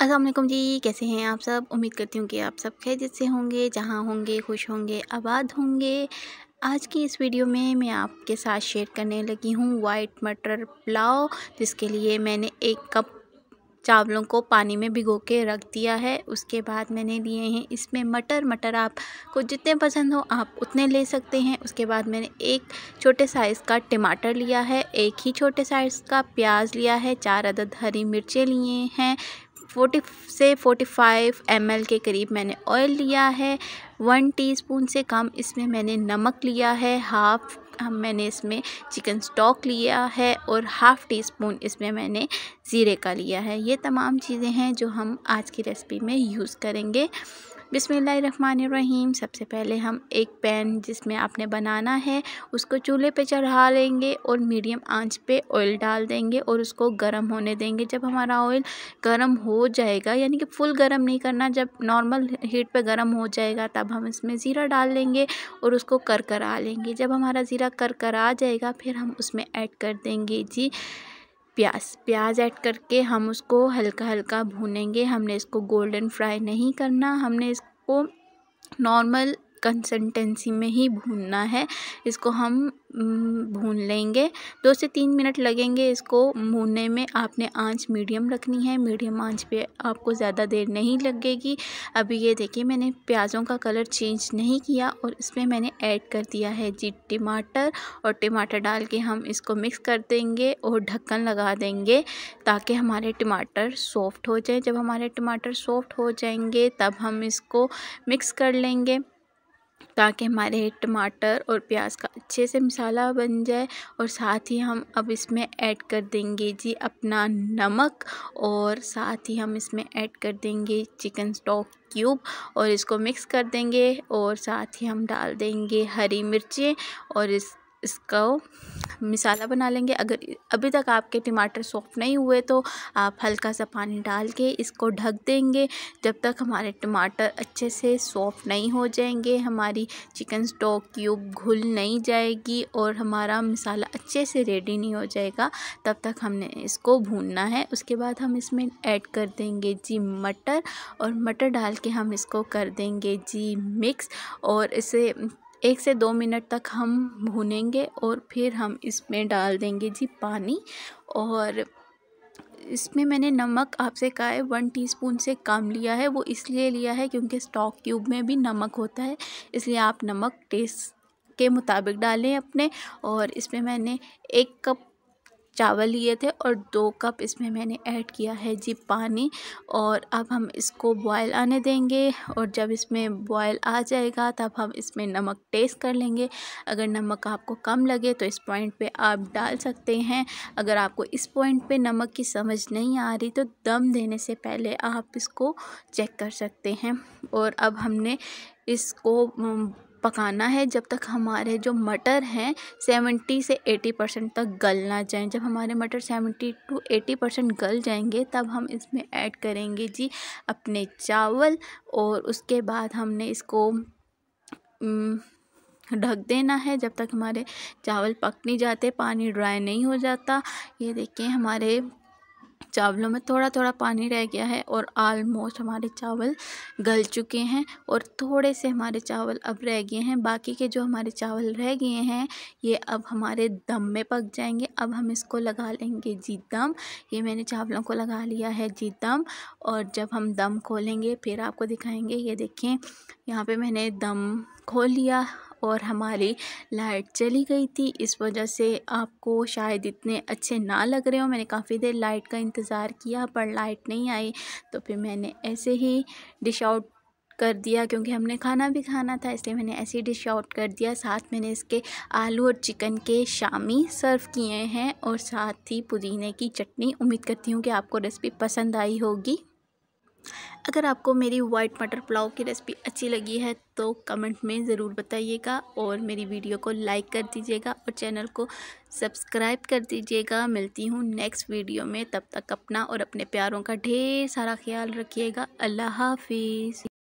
असलम जी कैसे हैं आप सब उम्मीद करती हूँ कि आप सब खैरियत से होंगे जहाँ होंगे खुश होंगे आबाद होंगे आज की इस वीडियो में मैं आपके साथ शेयर करने लगी हूँ वाइट मटर पुलाव जिसके लिए मैंने एक कप चावलों को पानी में भिगो के रख दिया है उसके बाद मैंने लिए हैं इसमें मटर मटर आपको जितने पसंद हो आप उतने ले सकते हैं उसके बाद मैंने एक छोटे साइज़ का टमाटर लिया है एक ही छोटे साइज़ का प्याज लिया है चार अदद हरी मिर्चें लिए हैं 40 से 45 फाइव एम के करीब मैंने ऑयल लिया है वन टीस्पून से कम इसमें मैंने नमक लिया है हाफ़ हम मैंने इसमें चिकन स्टॉक लिया है और हाफ़ टी स्पून इसमें मैंने ज़ीरे का लिया है ये तमाम चीज़ें हैं जो हम आज की रेसिपी में यूज़ करेंगे बिसमीम सबसे पहले हम एक पैन जिसमें आपने बनाना है उसको चूल्हे पे चढ़ा लेंगे और मीडियम आंच पे ऑयल डाल देंगे और उसको गर्म होने देंगे जब हमारा ऑयल गर्म हो जाएगा यानी कि फुल गर्म नहीं करना जब नॉर्मल हीट पे गर्म हो जाएगा तब हम इसमें ज़ीरा डाल लेंगे और उसको कर करा लेंगे जब हमारा ज़ीरा कर आ जाएगा फिर हम उसमें ऐड कर देंगे जी प्याज प्याज ऐड करके हम उसको हल्का हल्का भूनेंगे हमने इसको गोल्डन फ्राई नहीं करना हमने इसको नॉर्मल कंसनटेंसी में ही भूनना है इसको हम भून लेंगे दो से तीन मिनट लगेंगे इसको भूनने में आपने आंच मीडियम रखनी है मीडियम आंच पे आपको ज़्यादा देर नहीं लगेगी अभी ये देखिए मैंने प्याज़ों का कलर चेंज नहीं किया और इसमें मैंने ऐड कर दिया है जी टमाटर और टमाटर डाल के हम इसको मिक्स कर देंगे और ढक्कन लगा देंगे ताकि हमारे टमाटर सॉफ्ट हो जाए जब हमारे टमाटर सॉफ्ट हो जाएंगे तब हम इसको मिक्स कर लेंगे ताकि हमारे टमाटर और प्याज का अच्छे से मसाला बन जाए और साथ ही हम अब इसमें ऐड कर देंगे जी अपना नमक और साथ ही हम इसमें ऐड कर देंगे चिकन स्टॉक क्यूब और इसको मिक्स कर देंगे और साथ ही हम डाल देंगे हरी मिर्चें और इस इसको मिसाला बना लेंगे अगर अभी तक आपके टमाटर सॉफ़्ट नहीं हुए तो आप हल्का सा पानी डाल के इसको ढक देंगे जब तक हमारे टमाटर अच्छे से सॉफ़्ट नहीं हो जाएंगे हमारी चिकन स्टॉक क्यूब घुल नहीं जाएगी और हमारा मिसाला अच्छे से रेडी नहीं हो जाएगा तब तक हमने इसको भूनना है उसके बाद हम इसमें ऐड कर देंगे जी मटर और मटर डाल के हम इसको कर देंगे जी मिक्स और इसे एक से दो मिनट तक हम भूनेंगे और फिर हम इसमें डाल देंगे जी पानी और इसमें मैंने नमक आपसे कहा है वन टीस्पून से कम लिया है वो इसलिए लिया है क्योंकि स्टॉक क्यूब में भी नमक होता है इसलिए आप नमक टेस्ट के मुताबिक डालें अपने और इसमें मैंने एक कप चावल लिए थे और दो कप इसमें मैंने ऐड किया है जी पानी और अब हम इसको बॉयल आने देंगे और जब इसमें बॉयल आ जाएगा तब हम इसमें नमक टेस्ट कर लेंगे अगर नमक आपको कम लगे तो इस पॉइंट पे आप डाल सकते हैं अगर आपको इस पॉइंट पे नमक की समझ नहीं आ रही तो दम देने से पहले आप इसको चेक कर सकते हैं और अब हमने इसको पकाना है जब तक हमारे जो मटर हैं सेवेंटी से एटी परसेंट तक गल ना जाएँ जब हमारे मटर सेवेंटी टू एटी परसेंट गल जाएंगे तब हम इसमें ऐड करेंगे जी अपने चावल और उसके बाद हमने इसको ढक देना है जब तक हमारे चावल पक नहीं जाते पानी ड्राई नहीं हो जाता ये देखिए हमारे चावलों में थोड़ा थोड़ा पानी रह गया है और आलमोस्ट हमारे चावल गल चुके हैं और थोड़े से हमारे चावल अब रह गए हैं बाकी के जो हमारे चावल रह गए हैं ये अब हमारे दम में पक जाएंगे अब हम इसको लगा लेंगे जी दम ये मैंने चावलों को लगा लिया है जी दम और जब हम दम खोलेंगे फिर आपको दिखाएंगे ये देखें यहाँ पे मैंने दम खोल लिया और हमारी लाइट चली गई थी इस वजह से आपको शायद इतने अच्छे ना लग रहे हो मैंने काफ़ी देर लाइट का इंतज़ार किया पर लाइट नहीं आई तो फिर मैंने ऐसे ही डिश आउट कर दिया क्योंकि हमने खाना भी खाना था इसलिए मैंने ऐसी डिश आउट कर दिया साथ मैंने इसके आलू और चिकन के शामी सर्व किए हैं और साथ ही पुदीने की चटनी उम्मीद करती हूँ कि आपको रेसिपी पसंद आई होगी अगर आपको मेरी वाइट मटर पुलाव की रेसिपी अच्छी लगी है तो कमेंट में ज़रूर बताइएगा और मेरी वीडियो को लाइक कर दीजिएगा और चैनल को सब्सक्राइब कर दीजिएगा मिलती हूँ नेक्स्ट वीडियो में तब तक अपना और अपने प्यारों का ढेर सारा ख्याल रखिएगा अल्लाह हाफिज़